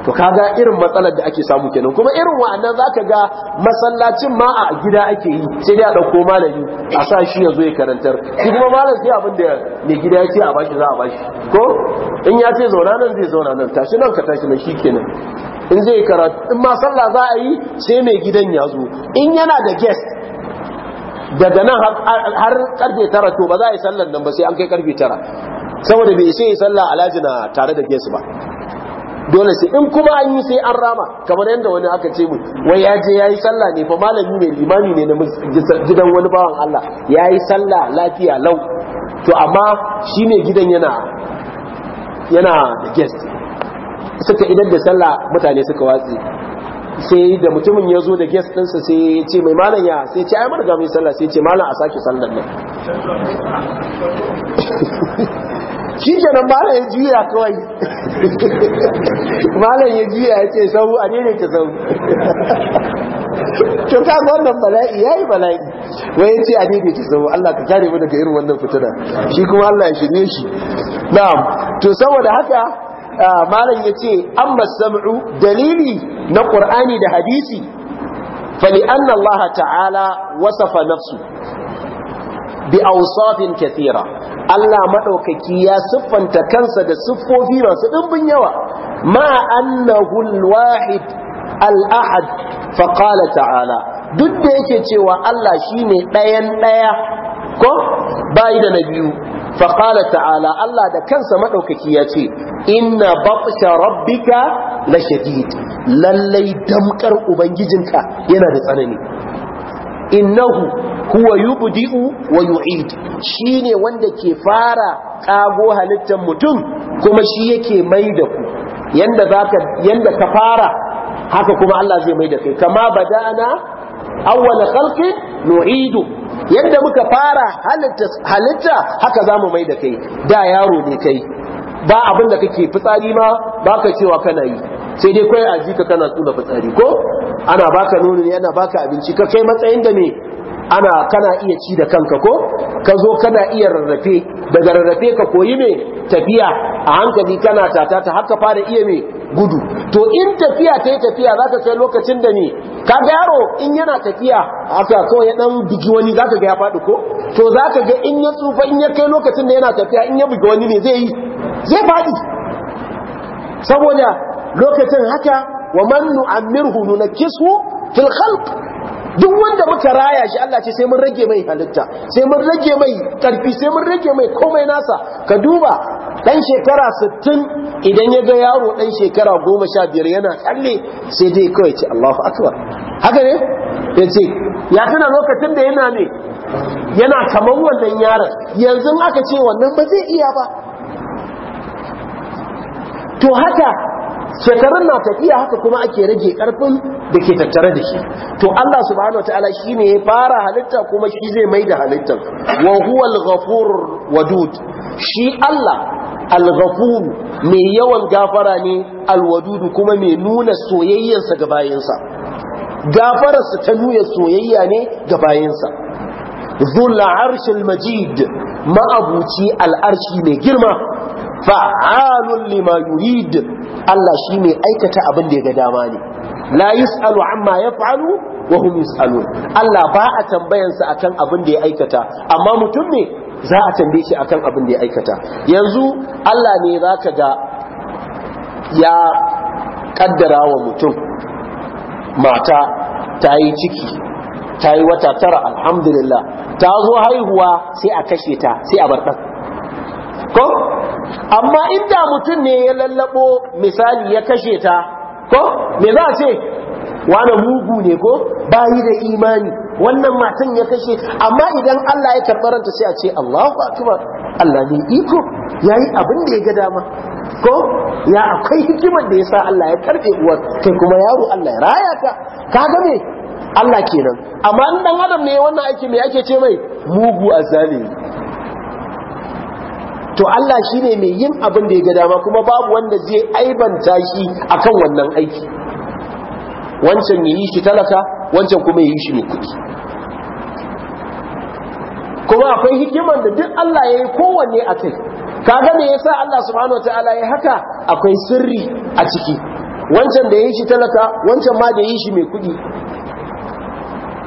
to kaga irin matsalar da ake samu kenan kuma irin wa'annan zaka ga masallacin ma a gida ake yi sai dai a dauko malami a sa shi ya zo ya karantar shi kuma malam sai abin da mai gida ya ce a bashi za a bashi ko in ya ce zauna nan zai zauna nan tashi nan ka tashi nan shi kenan in zai karatu in ma sallah za a yi sai mai gidan ya zo in yana da guest daga nan har karfe tara to ba za a yi sallar nan ba sai an kai karfe tara saboda bai sai ya sallah alhaji na tare da guest ba dole sai in kuma an yi sai an rama kamar yadda wani aka ce mu wai ya je ya yi sallah ne fa malami ne limami ne na gidan wani bawan Allah Ya yi sallah lafiya lau to amma shi ne gidan yana yana da guest suka idan da sallah mutane suka watsi sai da mutumin ya zo da guest ɗinsa sai ya ce mai malam ya sai ce ai mun sallah sai ce malam a sake sallar nan shi ke nan malam ya juya kawai malam ya juya ya ce sau a ne ta sau to ka wannan bala'i ya yi bala'i wai yace a ne ta sau Allah ka kare mu daga irin wannan fitina shi kuma Allah ya shirye shi na'am to saboda haka malam ce, amma sam'u dalili na ƙur'ani da hadisi fa li anna Allah ta'ala wasafa nafsu bi awsafin kathira Allah maɗaukaki ya siffanta kansa da siffofi masu ɗimbin yawa ma annahu al-wahid al-ahad fa qala ta'ala duk da yake cewa Allah shine ɗayan ɗaya ko bai da na biyu fa qala ta'ala Allah da kansa maɗaukaki ya ce inna batsha rabbika la shadid lallai damkar ubangijinka yana da tsanani innahu huwa yubdi'u wa yu'id shine wanda ke fara kago halittan mutum kuma shi yake mai da ku yanda zaka yanda ka fara haka kuma Allah zai mai da kai kama bada'ana awwal khalqi nu'idu yanda muka fara halitta halitta haka zamu mai da kai da yaro ne kai ba abin da kake fitsari ma baka cewa kana yi sai dai kawai a jika ka kana tsuna fitsari ko ana baka nono ne ana baka abinci ka kai matsayin da me ana kana iya ci da kanka ko ka zo kana iya rarrafe daga rarrafe ka koyi me tafiya a hankali kana tata ta haka fara iya me gudu to in tafiya ta yi tafiya za ka kai lokacin da ne ka ga yaro in yana tafiya haka kawai ya dan bugi wani za ka ga ya faɗi ko to za ka ga in ya tsufa in ya kai lokacin da yana tafiya in ya bugi wani ne zai yi zai faɗi saboda lokacin haka wa man nu'ammirhu nunakkisu fil khalq duk wanda muka raya shi Allah ce sai mun rage mai halitta sai mun rage mai karfi sai mun rage mai komai nasa ka duba dan shekara 60 idan ya ga yaro dan shekara 15 yana tsalle sai dai kawai ce Allahu akbar haka ne ya ce ya tuna lokacin da yana ne yana kamar wannan yaron yanzu aka ce wannan ba zai iya ba to haka shekarun na tafiya haka kuma ake rage karfin da ke tattare da shi to Allah subhanahu shi ne ya fara halitta kuma shi zai mai da halittar wa huwa al-ghafur wadud shi Allah al-ghafur mai yawan gafara ne al-wadud kuma mai nuna soyayyarsa ga bayinsa gafararsa ta nuna soyayya ne ga bayinsa Zul'a arshil majid ma'abuci al'arshi mai girma fa'alun lima yurid Allah shi mai aikata abin da ya ga dama ne la yus'alu amma yaf'alu wa hum yus'alun Allah ba a tambayansa akan abin da ya aikata amma mutum ne za a tambaye shi akan abin da ya aikata yanzu Allah ne ka ga ya kaddara wa mutum mata ta yi ciki ta yi wata tara alhamdulillah ta zo haihuwa sai a kashe ta sai a bar ko amma inda mutum ne ya lallabo misali ya kashe ta ko me za ce wani mugu ne ko bayi da imani wannan matan ya kashe amma idan Allah ya karbaranta sai a ce Allahu akbar Allah ne iko yayi abin da ya ga dama ko ya akwai hikimar da yasa Allah ya karbe uwar kai kuma yaro Allah ya raya ka kaga me Allah kenan amma dan adam ne wannan aiki me ake ce mai mugu azali to Allah shi ne mai yin abin da ya ga dama kuma babu wanda zai aibanta shi akan wannan aiki wancan ya yi shi talaka wancan kuma ya yi shi mai kuɗi kuma akwai hikimar da duk Allah ya yi kowanne a kai ka gane ya sa Allah subhanahu Ta'ala ya haka akwai sirri a ciki wancan da ya yi shi talaka wancan ma da ya yi shi mai kuɗi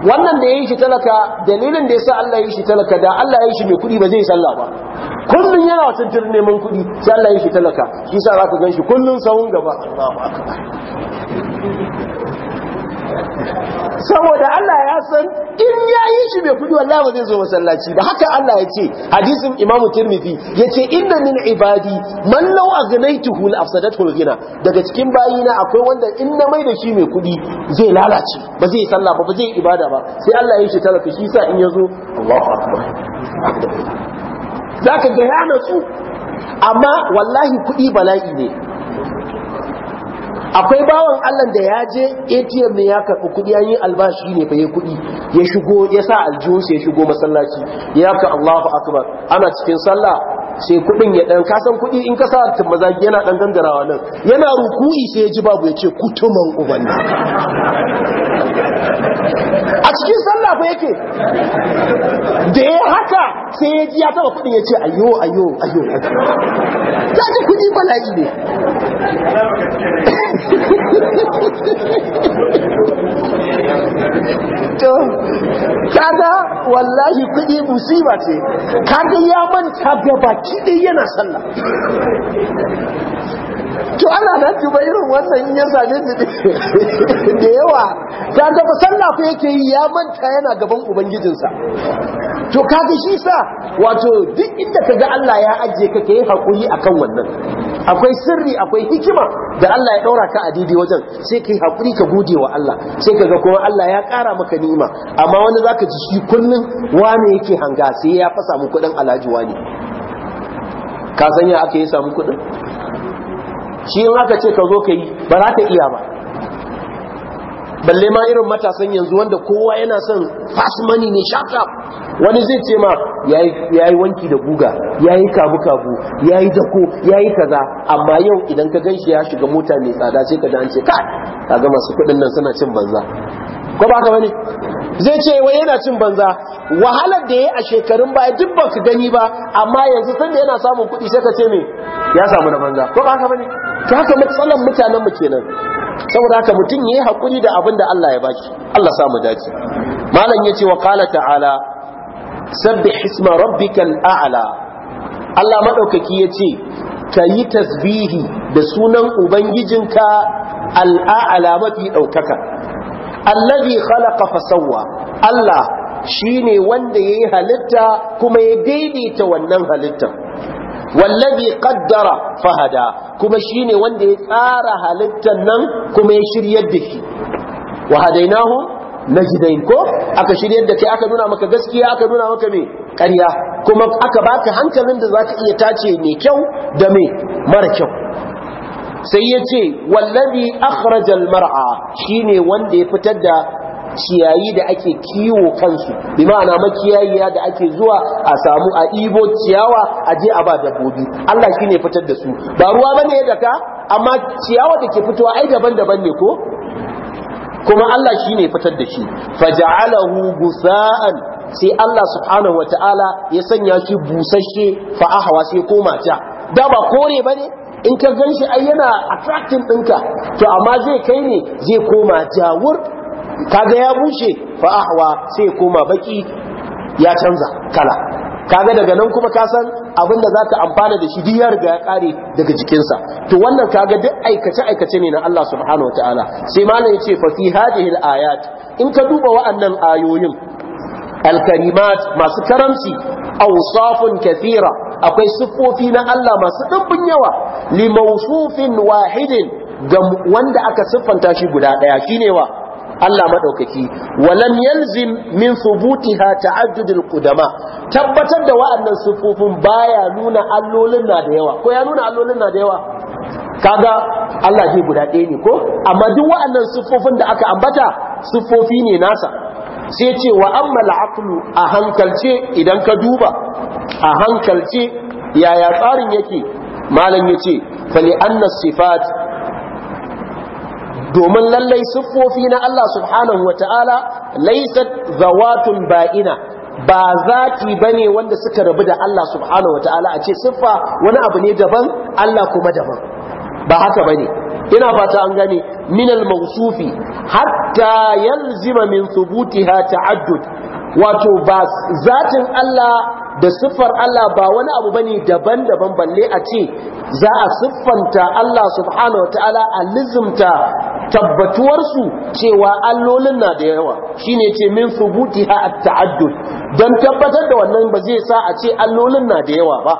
wannan da ya yi shi talaka dalilin da ya sa Allah ya yi shi talaka da Allah ya yi shi mai kuɗi ba zai salla ba kullum yana tuntur neman kuɗi sai Allah ya yi shi talaka shi sa za ka gan shi kullum sahun gaba saboda Allah ya san in ya yi shi mai kudi wallahi ba zai zo masallaci ba haka Allah ya ce hadisin Imam Tirmidhi ya ce inda min ibadi man law aghnaytuhu la afsadathu ghina daga cikin bayi na akwai wanda in na mai da shi mai kudi zai lalace ba zai sallah ba ba zai ibada ba sai Allah ya shi talaka shi sa in yazo Allahu akbar zaka ga ya natsu amma wallahi kudi bala'i ne akwai bawan Allah da ya je ATM ne ya karɓi kuɗi an yi albashi ne fa kuɗi ya shigo ya sa aljihunsa ya shigo masallaci ya ka Allahu akbar ana cikin sallah sai kudin ya dan kasan kudi in ka sa maza yana dan gangarawa nan yana ruku'i sai ya ji babu ya ce kutuman ubanni a cikin sallah ba yake da ya haka sai ya ji ya taba kudin ya ce ayo ayo ayo ta ji kudi bala'i ne to kada wallahi kudi musiba ce kada ya manta gaba baki ɗaya yana sallah to ana nan tuba irin wannan in ya same da yawa ta gaba sallah ko yake yi ya manta yana gaban ubangijinsa to kaga shi sa wato duk inda ga Allah ya ajiye ka kai hakuri akan wannan akwai sirri akwai hikima da Allah ya ɗaura ka a didi wajen sai kai hakuri ka gode wa Allah sai ka ga kuma Allah ya kara maka nima, amma wani zaka ji shi kullun wani yake hanga sai ya fasa mu kudin alhaji wani ka sanya aka yi samu kudin shi in aka ce ka zo ka yi ba za ta iya ba balle ma irin matasan yanzu wanda kowa yana son fast money ne shut up wani zai ce ma yayi wanki da guga yayi kabu-kabu yayi dako yayi kaza amma yau idan ka gan ya shiga mota mai tsada sai ka dance ka ga masu kudin nan suna cin banza ko ba ka bane zai ce wai yana cin banza wahalar da ya a shekarun baya duk ba ka gani ba amma yanzu tun da yana samun kuɗi sai ka ce me ya samu na banza ko ba haka bane to haka matsalar mutanen mu kenan saboda haka mutum yayi hakuri da abin da Allah ya baki Allah sa mu dace malam yace wa qala ta'ala sabbih isma rabbikal a'la Allah madaukaki yace kayi tasbihi da sunan ubangijinka al'a'la mafi daukaka allazi khalaqa fasawwa Allah shine wanda yayi halitta kuma ya daidaita wannan halittar wallazi qaddara fahada kuma shine wanda ya tsara halittar nan kuma ya shiryar da shi wa hadainahu najdain ko aka shiryar da kai aka nuna maka gaskiya aka nuna maka me ƙarya kuma aka baka hankalin da zaka iya tace mai kyau da me mara kyau sai ya ce wallabi akhrajal mar'a shine wanda ya fitar da ciyayi da ake kiwo kansu bi ma'ana makiyayiya da ake zuwa a samu a ibo ciyawa a je a ba dabbobi Allah shine fitar da su ba ruwa bane da ka amma ciyawa da ke fitowa ai daban-daban ne ko kuma Allah shine fitar da shi faja'alahu gusa'an sai Allah subhanahu wata'ala ya sanya shi busasshe fa ahwa sai koma ta da ba kore bane in ka gan shi ai yana attracting ɗinka to amma zai kai ne zai koma jawur kaga ya bushe fa ahwa sai koma baki ya canza kala kaga daga nan kuma ka san abin da za zaka amfana da shi duk ya riga ya kare daga jikinsa to wannan kaga duk aikace aikace ne na Allah subhanahu wataala sai malam yace fa fi hadhihi ayat in ka duba wa'annan ayoyin alkarimat masu karamci awsafun kathira akwai siffofi na Allah masu ɗimbin yawa li mawsufin wahidin ga wanda aka siffanta shi guda ɗaya shine wa Allah madaukaki walam yalzim min thubutiha ta'addud alqudama tabbatar da wa'annan siffofin baya nuna allolin na da yawa ko ya nuna allolin na da yawa kaga Allah shi guda ɗaya ne ko amma duk wa'annan siffofin da aka ambata siffofi ne nasa sai ce wa ammal aqlu a hankalce idan ka duba a hankalce yaya tsarin yake malam yace fali anna sifat domin lallai siffofi na Allah subhanahu ta'ala laysat zawatun ba'ina ba zati bane wanda suka rabu da Allah subhanahu ta'ala a ce siffa wani abu ne daban Allah kuma daban ba haka bane ina fata an gani. Minal al-mawsufi hatta yalzima min thubutiha ta'addud wato ba zatin Allah da siffar Allah ba wani abu bane daban-daban balle a ce za a siffanta Allah subhanahu wataala a lizimta tabbatuwarsu cewa allolin na da yawa shine ce min thubutiha at-ta'addud don tabbatar da wannan ba zai sa a ce allolin na da yawa ba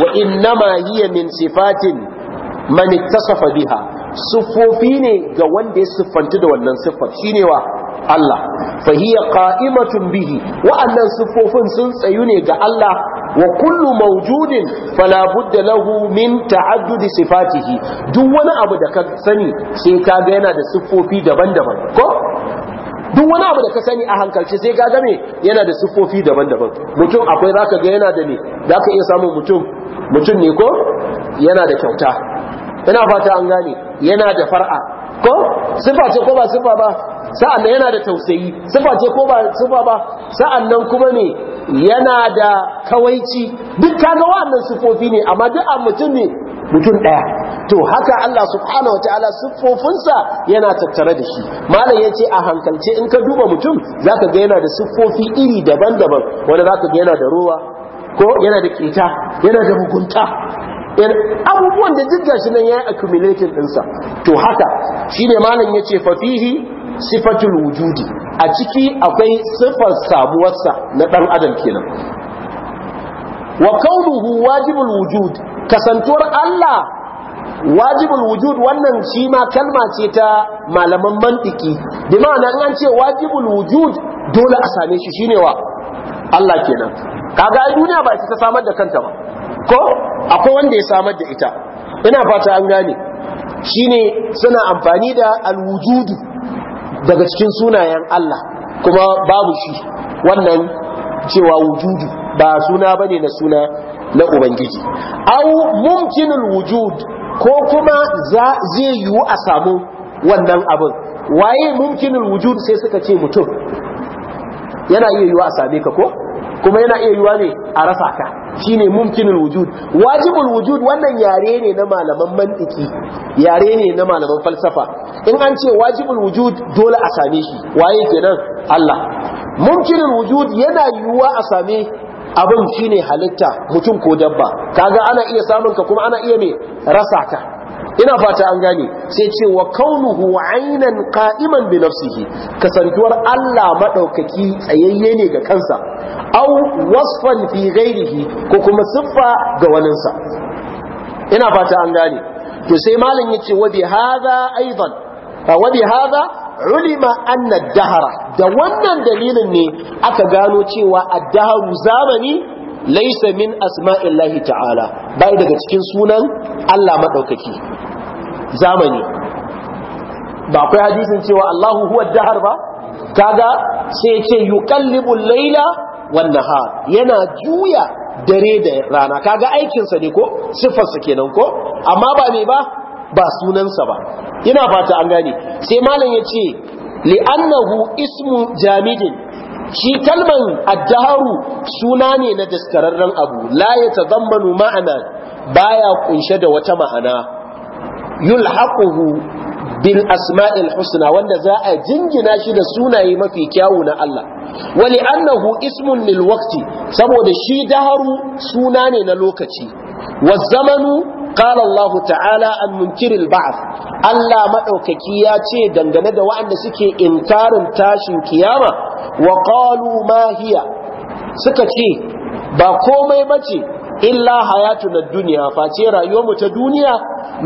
wa innama hiya min sifatin man ittasafa biha sufofi ne ga wanda ya siffantu da wannan siffar shine wa Allah fa hiya qa'imatun bihi wa'annan sufofin sun tsayu ne ga Allah wa kullu mawjudin fala budda lahu min ta'addudi sifatihi duk wani abu da ka sani sai ka ga yana da sufofi daban-daban ko duk wani abu da ka sani a hankalce sai ka ga me yana da sufofi daban-daban mutum akwai zaka ga yana da ne zaka iya samun mutum mutum ne ko yana da kyauta ina fata an gane yana da far'a ko sifa ce ko ba sifa ba sa'an yana da tausayi sifa ce ko ba sifa ba sa'an nan kuma ne yana da kawaici duk kaga wannan sifofi ne amma duk a mutum ne mutum ɗaya to haka Allah subhanahu wa ta'ala yana tattare da shi malam yace a hankalce in ka duba mutum zaka ga yana da sifofi iri daban-daban wanda zaka ga yana da ruwa ko yana da kita yana da mugunta abubuwan da duk gashi nan yi accumulating dinsa to haka shine malam yace fa fihi sifatul wujudi a ciki akwai sifar sabuwarsa na dan adam kenan wa kaunuhu wajibul wujud kasantuwar Allah wajibul wujud wannan shi ma kalma ce ta malaman mantiki bi ma'ana an ce wajibul wujud dole a same shi shine wa Allah kenan kaga ai duniya ba ita ta samar da kanta ba ko akwai wanda ya samar da ita ina fata an gane shine suna amfani da alwujudu daga cikin sunayen Allah kuma babu shi wannan cewa wujudu ba suna bane na suna na ubangiji au mumkinul wujud ko kuma zai yiwu a samu wannan abin waye mumkinul wujud sai suka ce mutum yana iya yiwu a same ka ko kuma yana iya yiwa ne a rasa ka shine mumkinul wujud wajibul wujud wannan yare ne na malaman mantiki yare ne na malaman falsafa in an ce wajibul wujud dole a same shi waye kenan Allah mumkinul wujud yana yiwuwa a same abin shine halitta mutum ko dabba kaga ana iya samun ka kuma ana iya me rasa ka ina fata an gane sai ce wa kaunuhu aynan qa'iman bi nafsihi kasantuwar Allah madaukaki tsayayye ne ga kansa aw wasfan fi ghairihi ko kuma siffa ga waninsa ina fata an gane to sai malam yace wa bi hadha aidan wa bi hadha ulima anna dahara da wannan dalilin ne aka gano cewa ad-dahru zamani laisa min asma'illahi ta'ala bai daga cikin sunan Allah maɗaukaki zamani ba akwai hadisin cewa Allahu huwa dahar ba kaga sai ya ce yuqallibu laila wan nahar yana juya dare da rana kaga aikin sa ne ko sifar sa kenan ko amma ba me ba ba sunansa ba ina fata an gane sai malam yace li'annahu ismu jamidin shi kalman addaharu suna ne na daskararren abu la ya tazammanu ma'ana baya kunshe da wata ma'ana yulhaquhu bil asma'il husna wanda za a jingina shi da sunaye mafi kyawu na Allah Wani annahu ismun lil waqti saboda shi daharu suna ne na lokaci wa zamanu qala ta'ala an munkiril ba'as. Allah maɗaukaki ya ce dangane da waɗanda suke inkarin tashin kiyama wa qalu ma hiya suka ce ba komai bace illa hayatu na duniya face rayuwar mu ta duniya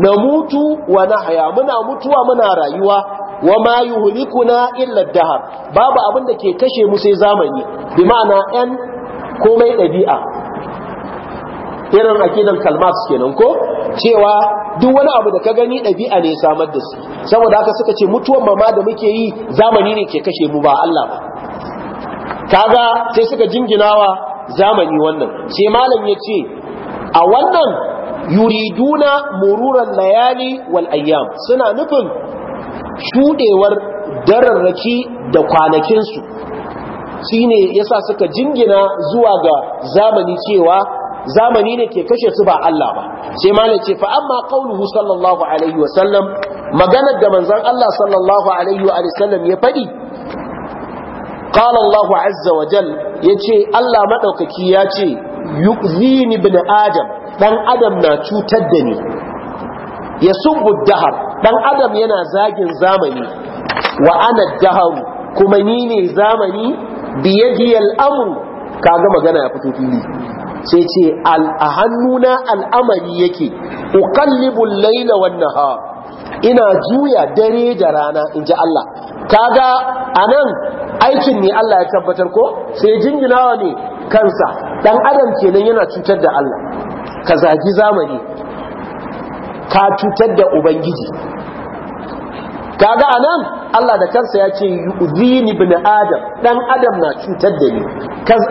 na mutu wa na haya muna mutuwa muna rayuwa wa ma yuhlikuna illa dahar babu abin da ke kashe mu sai zamani bi ma'ana 'yan komai ɗabi'a irin akidan kalmas kenan ko cewa duk wani abu da ka gani ɗabi'a ne ya samar da su saboda haka suka ce mutuwan mama da muke yi zamani ne ke kashe mu ba Allah ba kaga sai suka jinginawa zamani wannan sai malam ya ce a wannan yuriduna mururan layali wal ayyam suna nufin shudewar dararraki da kwanakinsu shine yasa suka jingina zuwa ga zamani cewa zamani ne ke kashe su ba Allah ba sai malam ce fa amma qauluhu sallallahu alaihi wa sallam maganar da manzon Allah sallallahu alaihi wa sallam ya faɗi qala Allah azza wa jal yace Allah madaukaki ya ce yuqzini ibn adam dan adam na cutar da ni yasubbu dahar dan adam yana zagin zamani wa ana daharu kuma ni ne zamani biyadiyal amru kaga magana ya fito fili sai ce a hannuna al'amari yake uqallibul laila wannan nahar ina juya dare da rana in ji Allah kaga anan aikin ne Allah ya tabbatar ko sai jinginawa ne kansa dan adam kenan yana cutar da Allah ka zagi zamani ka cutar da ubangiji kaga anan Allah da kansa ya ce ni ibn adam dan adam na cutar da ni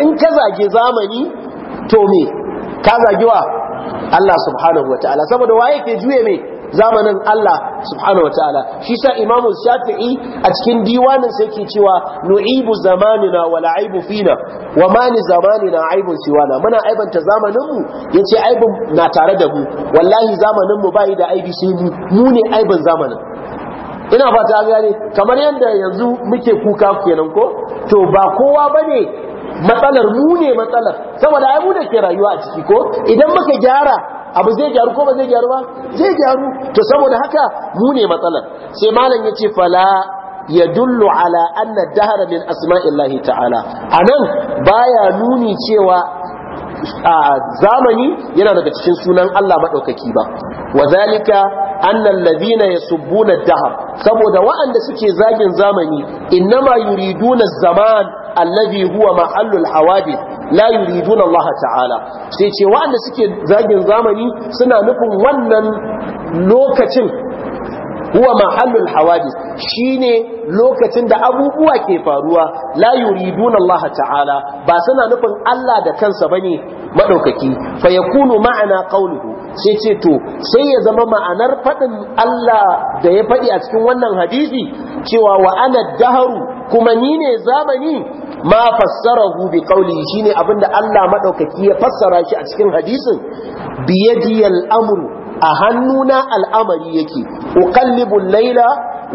in ka zage zamani to me ka zagi wa Allah subhanahu ta'ala. saboda waye ke juye me zamanin Allah subhanahu ta'ala. shi sa imamu shafi'i a cikin diwanin sai ke cewa nu'ibu zamanina wala aibu fina wa ma ni zamanina aibun siwana muna aibanta zamanin mu yace aibun na tare da mu wallahi zamanin mu bai da aibi sai mu mu ne aibun zamanin ina fata gane kamar yadda yanzu muke kuka kenan ko to ba kowa bane matsalar mu ne matsalar saboda ai mu da ke rayuwa a ciki ko idan muka gyara abu zai gyaru ko ba zai gyaru ba zai gyaru to saboda haka mu ne matsalar sai malam yace fala yadullu ala anna dahra min asma'illahi ta'ala anan baya nuni cewa a zamani yana daga cikin sunan Allah maɗaukaki ba Wazalika zalika annan ladina ya subbuna dahar saboda waɗanda suke zagin zamani innama yuriduna zaman allazi huwa mahallul hawadith la yuriduna Allah ta'ala sai ce waɗanda suke zagin zamani suna nufin wannan lokacin huwa mahallul hawadis shine lokacin da abubuwa ke faruwa la yuriduna Allah ta'ala ba suna nufin Allah da kansa bane madaukaki fa yakunu ma'ana qawluhu sai ce to sai ya zama ma'anar fadin Allah da ya fadi a cikin wannan hadisi cewa wa ana daharu kuma ni ne zamani ma fassarahu bi qawlihi shine abinda Allah madaukaki ya fassara shi a cikin hadisin biyadiyal amru a hannuna al'amari yake uqallibu al-laila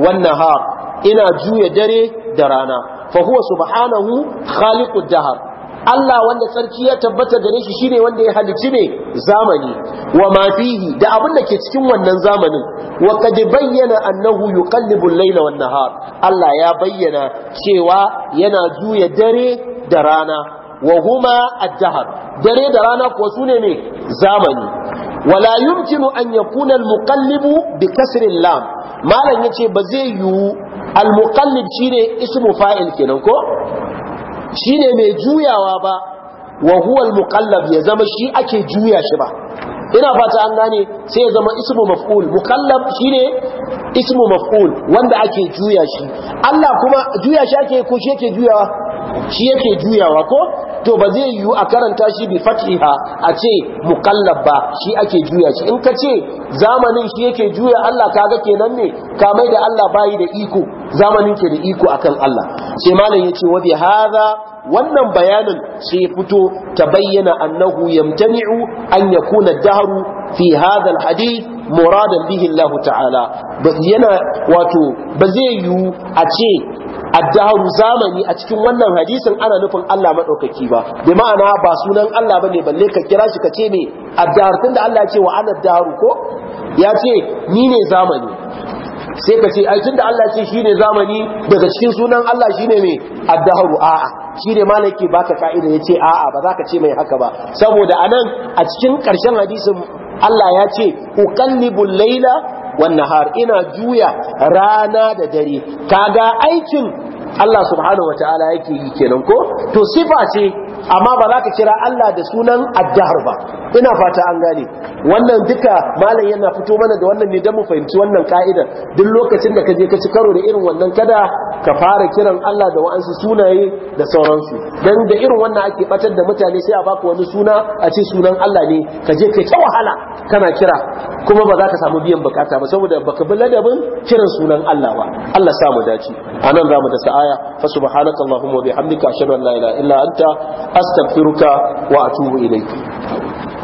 wannan har ina juya dare da rana fa huwa subhanahu khaliqud dahar Allah wanda sarki ya tabbata gare shi shine wanda ya halicci ne zamani wa ma fihi da abin da ke cikin wannan zamanin wa bayyana annahu yuqallibu al-laila wan nahar Allah ya bayyana cewa yana juya dare da rana wa huma ad-dahr dare da rana kuwa sune ne zamani wala yumkinu an yakuna al-muqallibu bi kasri lam malam yace ba zai yiwu al-muqallib shine ismu fa'il kenan ko shine mai juyawa ba wa al-muqallab ya zama shi ake juya ba ina fata an gane sai ya zama ismu maf'ul mukallab shine ismu maf'ul wanda ake juya shi Allah kuma juya shi yake juyawa shi yake juyawa ko to ba zai yiwu a karanta shi bi fatiha a ce muqallab ba shi ake juya shi in ka ce zamanin shi yake juya Allah kaga kenan ne ka mai da Allah bayi da iko zamanin ke da iko akan Allah sai malam yace wa bi hadha wannan bayanin sai fito ta bayyana annahu yamtani'u an yakuna dahru fi hadha alhadith muradan bihi Allah ta'ala yana wato ba zai yiwu a ce addaharu zamani a cikin wannan hadisin ana nufin Allah maɗaukaki ba bi ma'ana ba sunan Allah bane balle ka kira shi ka ce me addahar tunda Allah ya ce wa ana addaharu ko ya ce ni ne zamani sai kace ce ai tunda Allah ya ce shine zamani daga cikin sunan Allah shine me addaharu a'a shine malaki baka ka'ida yace a'a ba za ka ce mai haka ba saboda anan a cikin karshen hadisin Allah ya ce uqallibul laila wannan har ina juya rana da dare kaga aikin Allah subhanahu wataala yake yi kenan ko to sifa ce amma ba za ka kira Allah da sunan addahar ba ina fata an gane wannan duka malam yana fito mana da wannan ne dan mu fahimci wannan ka'idar duk lokacin da ka je ka ci karo da irin wannan kada ka fara kiran Allah da wa'ansu sunaye da sauransu dan da irin wannan ake batar da mutane sai a baka wani suna a ce sunan Allah ne ka je ka ta wahala kana kira kuma ba za ka samu biyan bukata ba saboda baka bi ladabin kiran sunan Allah ba Allah sa mu dace anan za mu dasa aya fa subhanaka allahumma wa bihamdika ashhadu an la ilaha illa anta astaghfiruka wa atubu ilayk